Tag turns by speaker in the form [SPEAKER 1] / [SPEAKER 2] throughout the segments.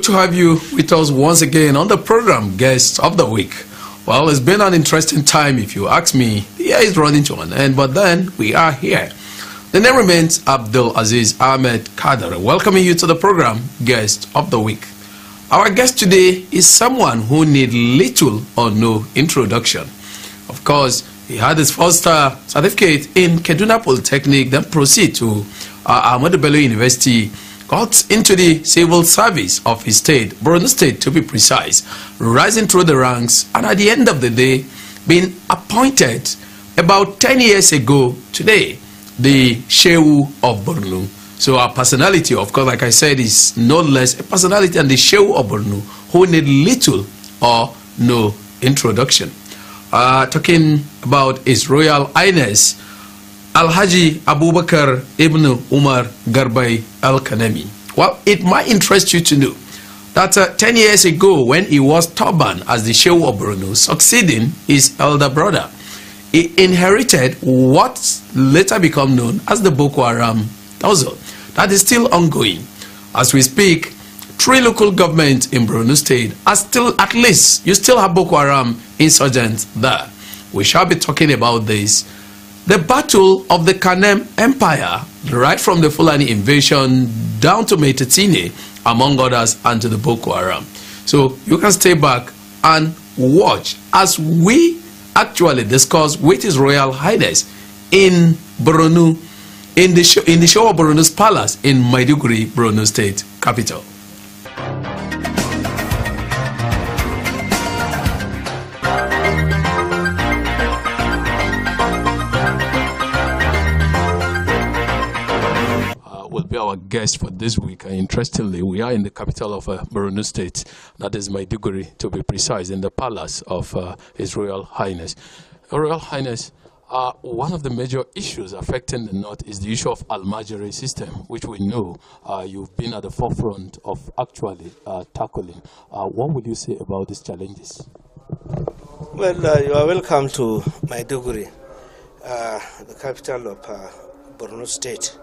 [SPEAKER 1] Good to have you with us once again on the program, Guest of the Week. Well, it's been an interesting time, if you ask me. Yeah, it's running to an end, but then we are here. The name remains Abdul Aziz Ahmed Kader, welcoming you to the program, Guest of the Week. Our guest today is someone who needs little or no introduction. Of course, he had his first uh, certificate in Kaduna Polytechnic, then proceed to uh, Ahmadu Bello University got into the civil service of his state, Borno State to be precise, rising through the ranks and at the end of the day being appointed about 10 years ago today, the Shehu of Borno. So our personality, of course, like I said, is no less a personality than the Shehu of Borno, who need little or no introduction. Uh, talking about His Royal Highness, Al Abu Abubakar Ibn Umar Garbai Al Kanemi. Well, it might interest you to know that uh, 10 years ago, when he was turban as the Shehu of Bruno, succeeding his elder brother, he inherited what later became known as the Boko Haram tussle. That is still ongoing. As we speak, three local governments in Bruno State are still, at least, you still have Boko Haram insurgents there. We shall be talking about this the battle of the Kanem Empire, right from the Fulani invasion down to Metetine, among others, and to the Boko Haram. So you can stay back and watch as we actually discuss with His Royal Highness in Boronu, in the, show, in the show of Bornu's palace in Maiduguri, Bornu State Capital. our guest for this week. And interestingly, we are in the capital of uh, Borno State, that is Maiduguri to be precise, in the palace of uh, His Royal Highness. Royal Highness, uh, one of the major issues affecting the North is the issue of Almajiri system, which we know uh, you've been at the forefront of actually uh, tackling. Uh, what would you say about these challenges? Well, uh, you are welcome to
[SPEAKER 2] Maiduguri, uh, the capital of Borno State.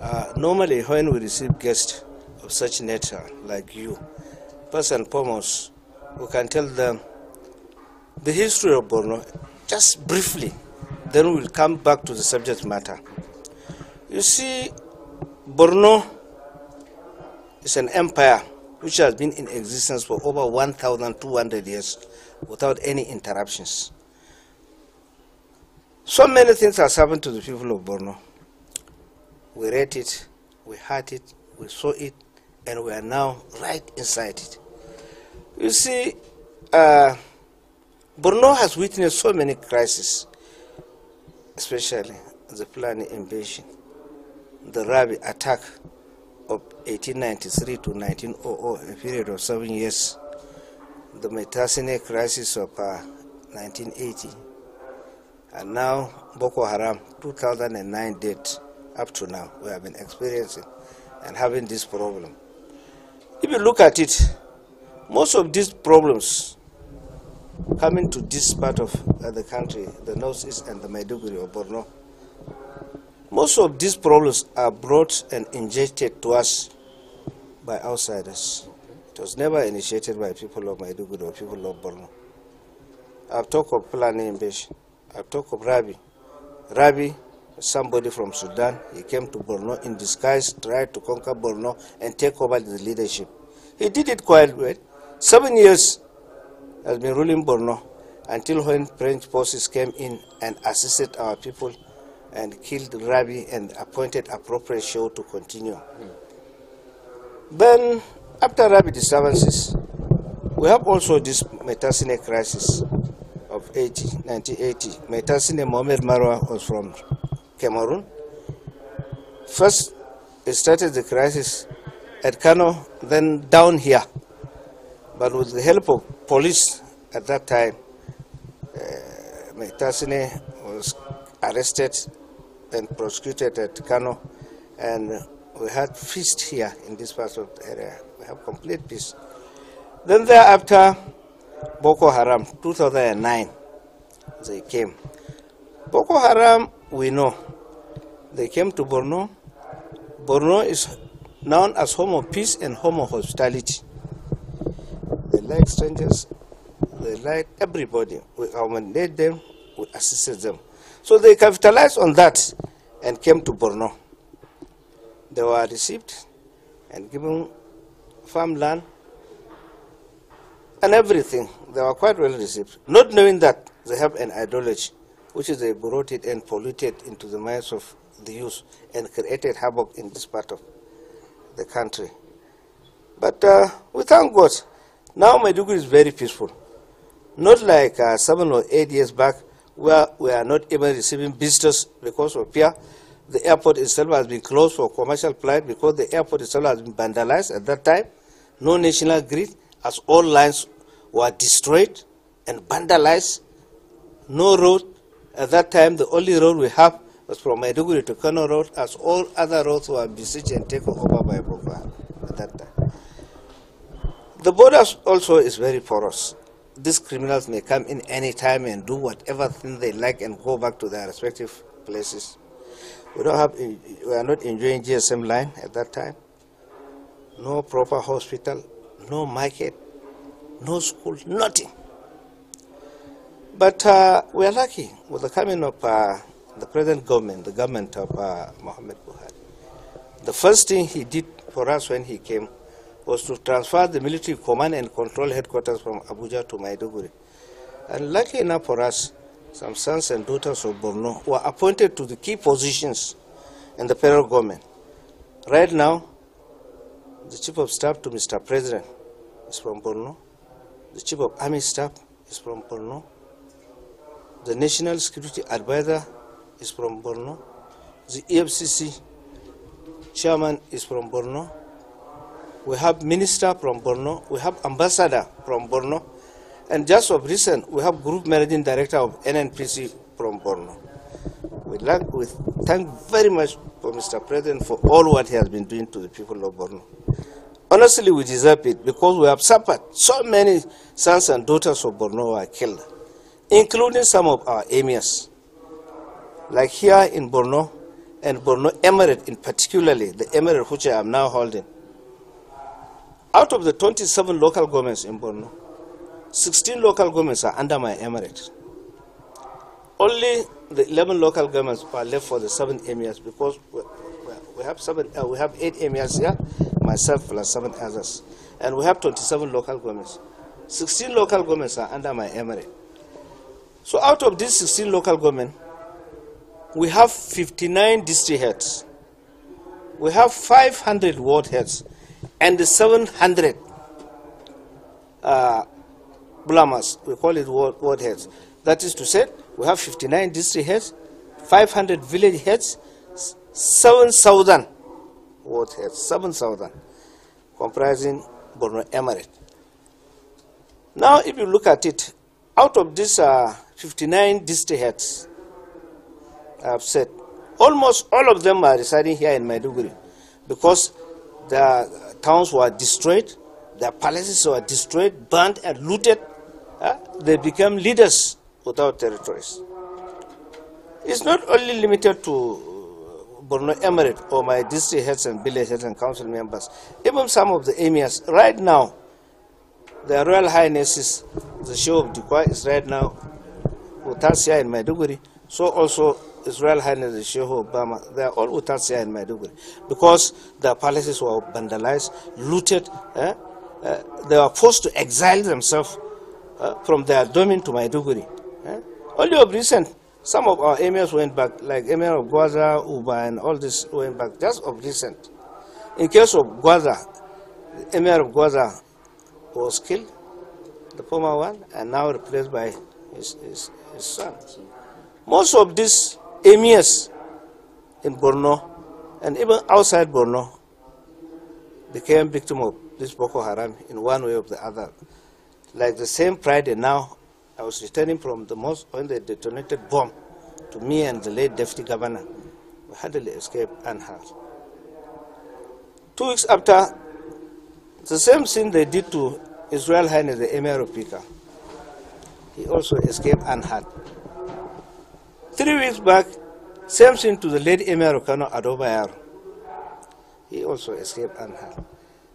[SPEAKER 2] Uh, normally, when we receive guests of such nature, like you, first and foremost, we can tell them the history of Borno just briefly, then we'll come back to the subject matter. You see, Borno is an empire which has been in existence for over 1,200 years without any interruptions. So many things have happened to the people of Borno. We read it, we heard it, we saw it, and we are now right inside it. You see, uh, Borno has witnessed so many crises, especially the Fulani invasion, the Rabi attack of 1893 to 1900, a period of seven years, the Metasine crisis of uh, 1980, and now Boko Haram 2009 date up to now we have been experiencing and having this problem. If you look at it, most of these problems coming to this part of uh, the country, the northeast and the Maiduguri or Borno, most of these problems are brought and injected to us by outsiders. It was never initiated by people of Maiduguri or people of Borno. I've talked of Fulani Imbesh, I've talked of Rabi. Rabi somebody from Sudan. He came to Borno in disguise, tried to conquer Borno and take over the leadership. He did it quite well. Seven years has been ruling Borno until when French forces came in and assisted our people and killed Rabi and appointed appropriate show to continue. Mm. Then, after Rabi disturbances, we have also this Metasine crisis of 80, 1980. Metasine Mohamed Marwa was from Cameroon. First, it started the crisis at Kano, then down here. But with the help of police at that time, uh, was arrested and prosecuted at Kano, and we had peace here in this part of the area. We have complete peace. Then thereafter, Boko Haram, 2009, they came. Boko Haram we know. They came to Borno. Borno is known as home of peace and home of hospitality. They like strangers, they like everybody. We accommodate them, we assist them. So they capitalized on that and came to Borno. They were received and given farmland and everything. They were quite well received, not knowing that they have an ideology which is it and polluted into the minds of the youth and created havoc in this part of the country. But uh, we thank God. Now Maiduguri is very peaceful. Not like uh, seven or eight years back where we are not even receiving visitors because of fear. The airport itself has been closed for commercial flight because the airport itself has been vandalized at that time. No national grid as all lines were destroyed and vandalized. No road, at that time, the only road we have was from Maiduguri to Kano Road, as all other roads were besieged and taken over by Boko Haram at that time. The border also is very porous. These criminals may come in any time and do whatever thing they like and go back to their respective places. We don't have, we are not enjoying GSM line at that time. No proper hospital, no market, no school, nothing. But uh, we are lucky with the coming of uh, the present government, the government of uh, Mohammed Buhari. The first thing he did for us when he came was to transfer the military command and control headquarters from Abuja to Maiduguri. And lucky enough for us, some sons and daughters of Borno were appointed to the key positions in the federal government. Right now, the chief of staff to Mr. President is from Borno. The chief of army staff is from Borno. The National Security Advisor is from Borno. The EFCC chairman is from Borno. We have minister from Borno. We have ambassador from Borno. And just of recent, we have group managing director of NNPC from Borno. We, like, we thank very much for Mr. President for all what he has been doing to the people of Borno. Honestly, we deserve it because we have suffered. So many sons and daughters of Borno were killed including some of our emirs. Like here in Borno and Borno Emirate in particularly, the emirate which I am now holding. Out of the 27 local governments in Borno, 16 local governments are under my emirate. Only the 11 local governments are left for the seven emirs because we have seven, uh, we have eight emirs here, myself plus seven others, and we have 27 local governments. 16 local governments are under my emirate. So out of these 16 local government, we have 59 district heads. We have 500 ward heads and 700 uh, blamas. We call it ward, ward heads. That is to say, we have 59 district heads, 500 village heads, 7,000 ward heads, 7,000 comprising Borno Emirate. Now, if you look at it, out of this uh, 59 district heads have said. Almost all of them are residing here in Maiduguri because the towns were destroyed, their palaces were destroyed, burned, and looted. Uh, they became leaders without territories. It's not only limited to uh, Borno Emirate or my district heads and village heads and council members, even some of the emirs. Right now, The Royal Highnesses, the show of Dukwa is right now hotels in Maiduguri, so also Israel Royal Highness Shehu Obama, they are all hotels in Maiduguri because their palaces were vandalized, looted. Eh? Uh, they were forced to exile themselves uh, from their domain to Maiduguri. Eh? Only of recent, some of our emirs went back, like Emir of Gwaza, Uba, and all this went back, just of recent. In case of Gwaza, Emir of Gwaza was killed, the former one, and now replaced by his, his, his son. Most of these emirs in Borno and even outside Borno became victim of this Boko Haram in one way or the other. Like the same Friday now, I was returning from the mosque when they detonated bomb to me and the late deputy governor. We hardly escaped unhurt. Two weeks after, the same thing they did to Israel Highness, the Emir of Pika he also escaped unhurt. Three weeks back, same thing to the late Americano Adobayaro. He also escaped unhurt.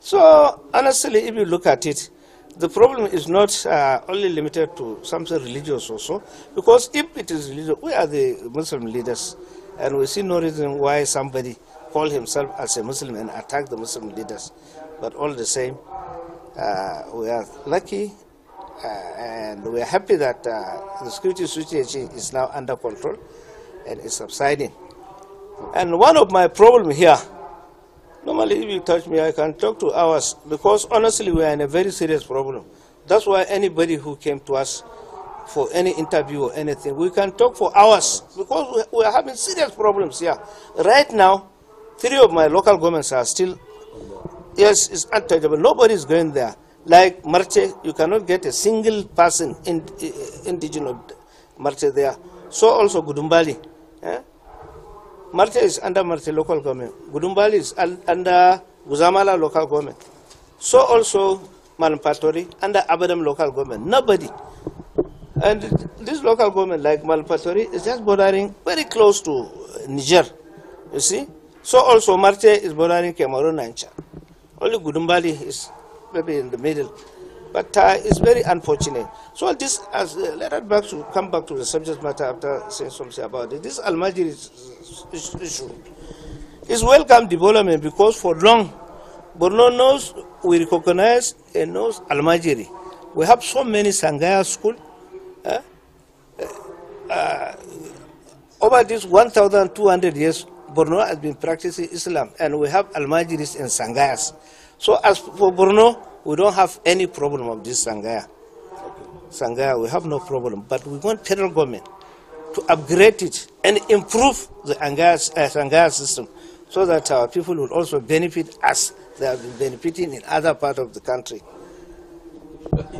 [SPEAKER 2] So honestly, if you look at it, the problem is not uh, only limited to something religious also, because if it is religious, we are the Muslim leaders, and we see no reason why somebody call himself as a Muslim and attack the Muslim leaders. But all the same, uh, we are lucky uh, and we are happy that uh, the security situation is now under control and is subsiding. And one of my problem here, normally if you touch me, I can talk to hours because honestly we are in a very serious problem. That's why anybody who came to us for any interview or anything, we can talk for hours because we are having serious problems here. Right now, three of my local governments are still, yes, it's untouchable. Nobody is going there. Like Marche, you cannot get a single person in, eh, indigenous Marche there. So also Gudumbali. Eh? Marche is under Marche local government. Gudumbali is under Guzamala local government. So also Malpatori under Abadam local government. Nobody. And this local government like Malpatori is just bordering very close to eh, Niger. You see? So also Marche is bordering Cameroon and Chad. Only Gudumbali is maybe in the middle. But uh, it's very unfortunate. So this, as, uh, let us back to come back to the subject matter after saying something about it. This Almajiri is, issue is welcome development because for long, Borno knows we recognize and knows Almajiri. We have so many Sangaya school. Uh, uh, over this 1,200 years, Borno has been practicing Islam, and we have Almajiris and Sangayas. So as for Borno, we don't have any problem of this Sangaya. Sangaya, we have no problem. But we want federal government to upgrade it and improve the Sangaya uh, system so that our people will also benefit as they have been benefiting in other part of the country.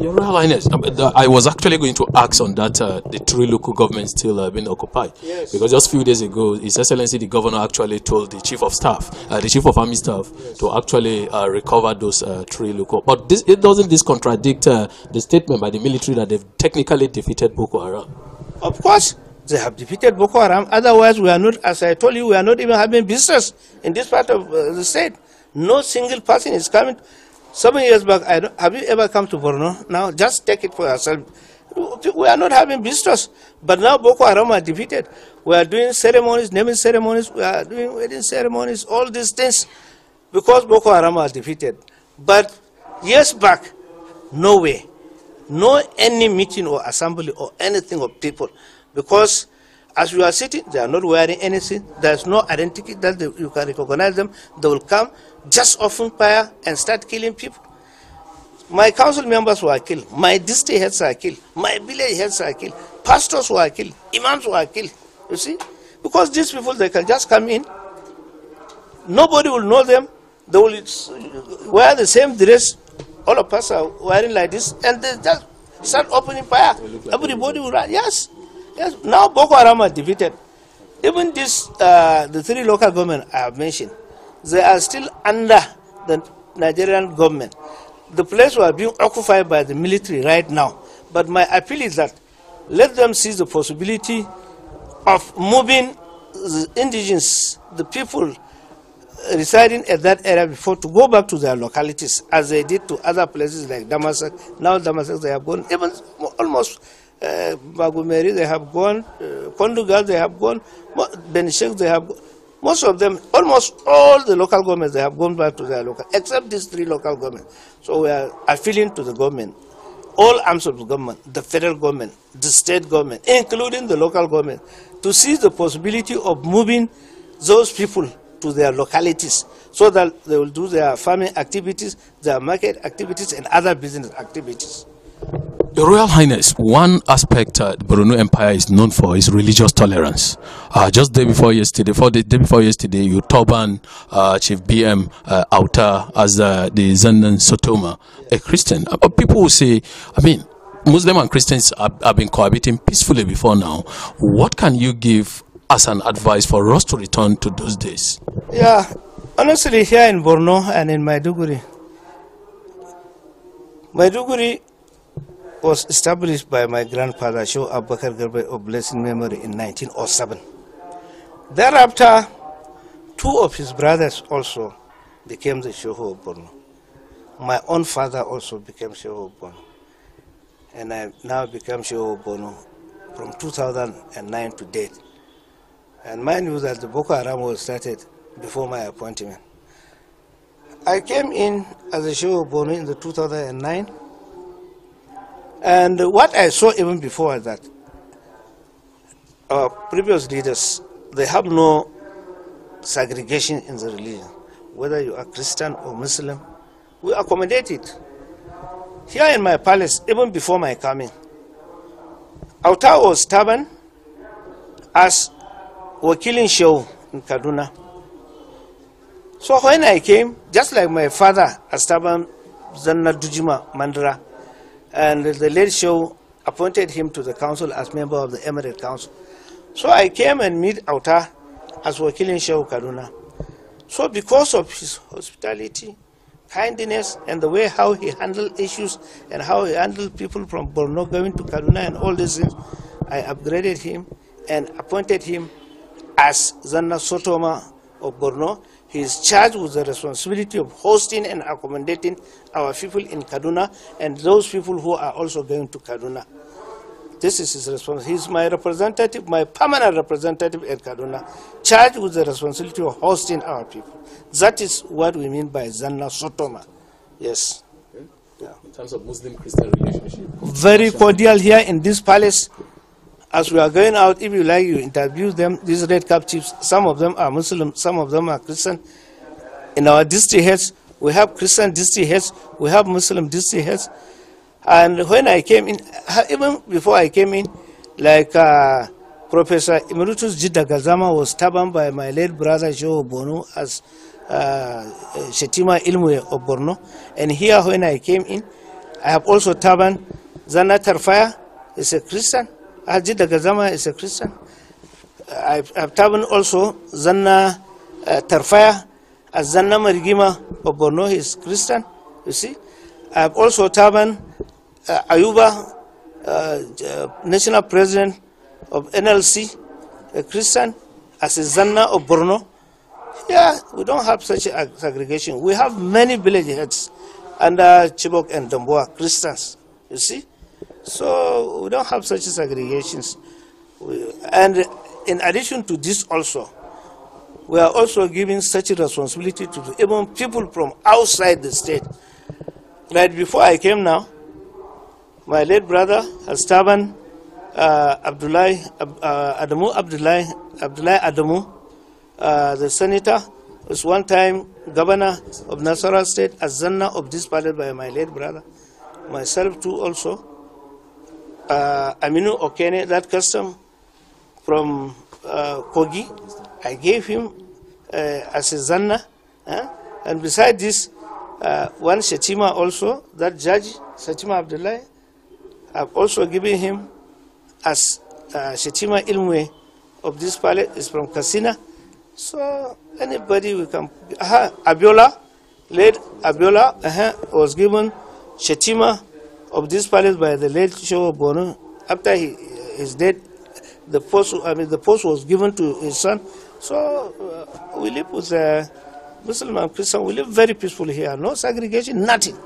[SPEAKER 1] Your Highness, um, I was actually going to ask on that uh, the three local governments still uh, being occupied. Yes. Because just a few days ago, His Excellency the Governor actually told the Chief of Staff, uh, the Chief of Army Staff, yes. to actually uh, recover those uh, three local. But this, it doesn't this contradict uh, the statement by the military that they've technically defeated Boko Haram? Of course,
[SPEAKER 2] they have defeated Boko Haram. Otherwise, we are not, as I told you, we are not even having business in this part of uh, the state. No single person is coming. Seven years back, have you ever come to Borno? Now, just take it for yourself. We are not having visitors, but now Boko Haram are defeated. We are doing ceremonies, naming ceremonies, we are doing wedding ceremonies, all these things, because Boko Haram are defeated. But years back, no way. No any meeting or assembly or anything of people, because as you are sitting, they are not wearing anything. There is no identity that they, you can recognize them. They will come, just open fire and start killing people. My council members were killed. My district heads are killed. My village heads are killed. Pastors were killed. Imams were killed. You see? Because these people, they can just come in. Nobody will know them. They will wear the same dress. All of us are wearing like this. And they just start opening fire. Like Everybody will run. Yes. Yes, now Boko Haram are defeated. Even this, uh, the three local government I have mentioned, they are still under the Nigerian government. The place were being occupied by the military right now. But my appeal is that let them see the possibility of moving the indigenous, the people residing at that area before to go back to their localities as they did to other places like Damasak. Now Damasak they have gone even almost uh, they have gone, uh, Kondugal, they have gone, Benishek, they have gone. Most of them, almost all the local governments, they have gone back to their local, except these three local governments. So we are appealing to the government, all arms of the government, the federal government, the state government, including the local government, to see the possibility of moving those people to their localities so that they will do their farming activities, their market activities, and other business
[SPEAKER 1] activities. Your Royal Highness, one aspect uh, the Bruno Empire is known for is religious tolerance. Uh, just day before yesterday, for the day before yesterday, you turban uh, Chief BM uh, as uh, the Zandan Sotoma, a Christian. Uh, people will say, I mean, Muslim and Christians have, have been cohabiting peacefully before now. What can you give as an advice for us to return to those days?
[SPEAKER 2] Yeah, honestly, here in Borno and in Maiduguri, Maiduguri was established by my grandfather, Shaw Abakar Garbe of blessed memory, in 1907. Thereafter, two of his brothers also became the Shoho of Borno. My own father also became Shoho of Borno. And I now became Shoho of Borno from 2009 to date. And mind you that the Boko Haram was started before my appointment. I came in as a Shoho of Borno in the 2009 and what I saw even before that, our previous leaders, they have no segregation in the religion. Whether you are Christian or Muslim, we accommodate it. Here in my palace, even before my coming, Auta was stubborn as were killing show in Kaduna. So when I came, just like my father, a stubborn Zanna Dujima Mandra, and the late show appointed him to the council as member of the Emirate Council. So I came and met Auta as Wakilin Shehu Kaduna. So because of his hospitality, kindness, and the way how he handled issues and how he handled people from Borno going to Kaduna and all these things, I upgraded him and appointed him as Zanna Sotoma of Borno he is charged with the responsibility of hosting and accommodating our people in Kaduna and those people who are also going to Kaduna. This is his response. He is my representative, my permanent representative at Kaduna, charged with the responsibility of hosting our people. That is what we mean by Zanna Sotoma.
[SPEAKER 1] Yes. Yeah. In terms of Muslim-Christian
[SPEAKER 2] relationship? Very cordial here in this palace. As we are going out, if you like, you interview them, these red captives. Some of them are Muslim, some of them are Christian. In our district heads, we have Christian district heads, we have Muslim district heads. And when I came in, even before I came in, like uh, Professor Emeritus Jidda Gazama was stabbed by my late brother Joe Bono as uh, Shetima Ilmue of Borno. And here, when I came in, I have also stabbed Zana Tarfaya is a Christian. Haji is a Christian. I Abtabin also Zanna uh, Tarfaya as Zanna Marigima of Borno is Christian, you see. I've also Taban uh, Ayuba, uh, uh, national president of NLC, a Christian, as a Zanna of Borno. Yeah, we don't have such a segregation. We have many village heads under Chibok and Domboa, Christians, you see. So we don't have such segregations. And in addition to this also, we are also giving such responsibility to even people from outside the state. Right before I came now, my late brother, Astaban uh, Abdullahi, uh, Adamu Abdullahi, Abdullahi Adamu, uh, the senator, was one time governor of Nasarawa state, Azanna of this party by my late brother, myself too also uh, Aminu Okene that custom from uh, Kogi. I gave him uh, as a zanna. And beside this, uh, one Shetima also, that judge, Shetima Abdullah, I've also given him as uh, Shetima Ilmwe of this palette is from Kasina. So anybody we can, uh, Abiola, late Abiola uh -huh, was given Shetima of this palace by the late Shehu Bono, after he, his death, the post, I mean, the post was given to his son. So uh, we live with a uh, Muslim and Christian, we live very peacefully here. No segregation, nothing.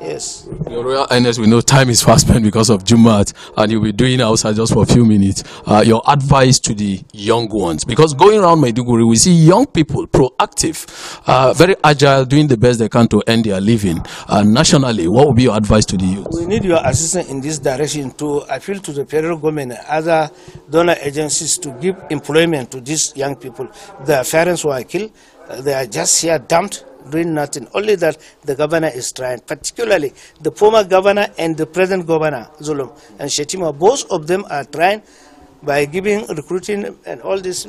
[SPEAKER 1] Yes. Your Royal Highness, we know time is fast spent because of Jumat, and you'll be doing outside just for a few minutes. Uh, your advice to the young ones, because going around Maiduguri, we see young people proactive, uh, very agile, doing the best they can to earn their living. Uh, nationally, what would be your advice to the youth?
[SPEAKER 2] We need your assistance in this direction to appeal to the federal government and other donor agencies to give employment to these young people. Their parents were killed, uh, they are just here dumped doing nothing. Only that the governor is trying, particularly the former governor and the present governor, Zulum and Shetima. Both of them are trying by giving recruiting and all this,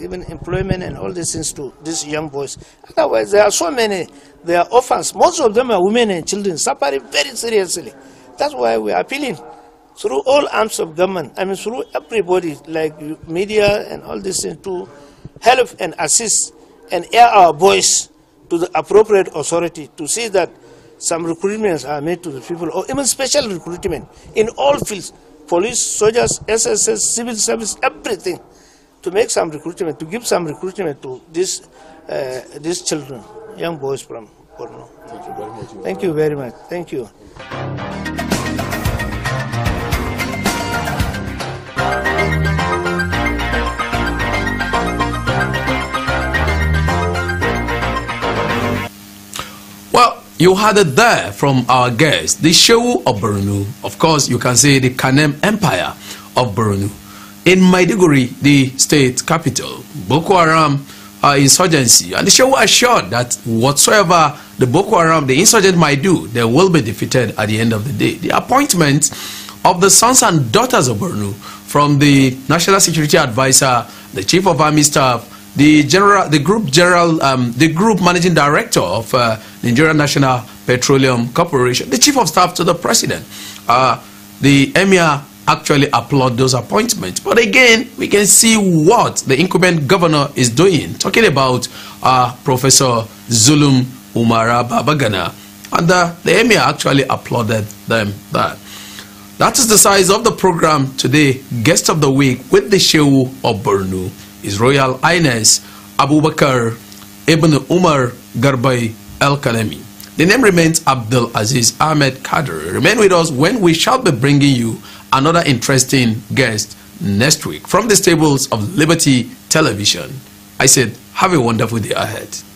[SPEAKER 2] giving employment and all these things to these young boys. Otherwise, there are so many, there are orphans. Most of them are women and children suffering very seriously. That's why we are appealing through all arms of government, I mean, through everybody, like media and all these things, to help and assist and air our voice to the appropriate authority to see that some recruitments are made to the people, or even special recruitment in all fields police, soldiers, SSS, civil service, everything to make some recruitment, to give some recruitment to these, uh, these children, young boys from Borno. Thank you very much. Thank you. Very much. Thank you.
[SPEAKER 1] You had it there from our guest, the show of Bornu. Of course, you can say the Kanem Empire of Bornu. In Maiduguri, the state capital, Boko Haram uh, insurgency. And the show assured that whatsoever the Boko Haram, the insurgent might do, they will be defeated at the end of the day. The appointment of the sons and daughters of Bornu from the National Security Advisor, the Chief of Army Staff, the general, the group general, um, the group managing director of uh, National Petroleum Corporation, the chief of staff to the president. Uh, the emir actually applaud those appointments. But again, we can see what the incumbent governor is doing, talking about uh, Professor Zulum Umara Babagana. And uh, the emir actually applauded them that. That is the size of the program today, Guest of the Week with the show of Burnu. His Royal Highness Abu Bakr Ibn Umar Garbay Al Kalemi. The name remains Abdul Aziz Ahmed Kader. Remain with us when we shall be bringing you another interesting guest next week from the stables of Liberty Television. I said, have a wonderful day ahead.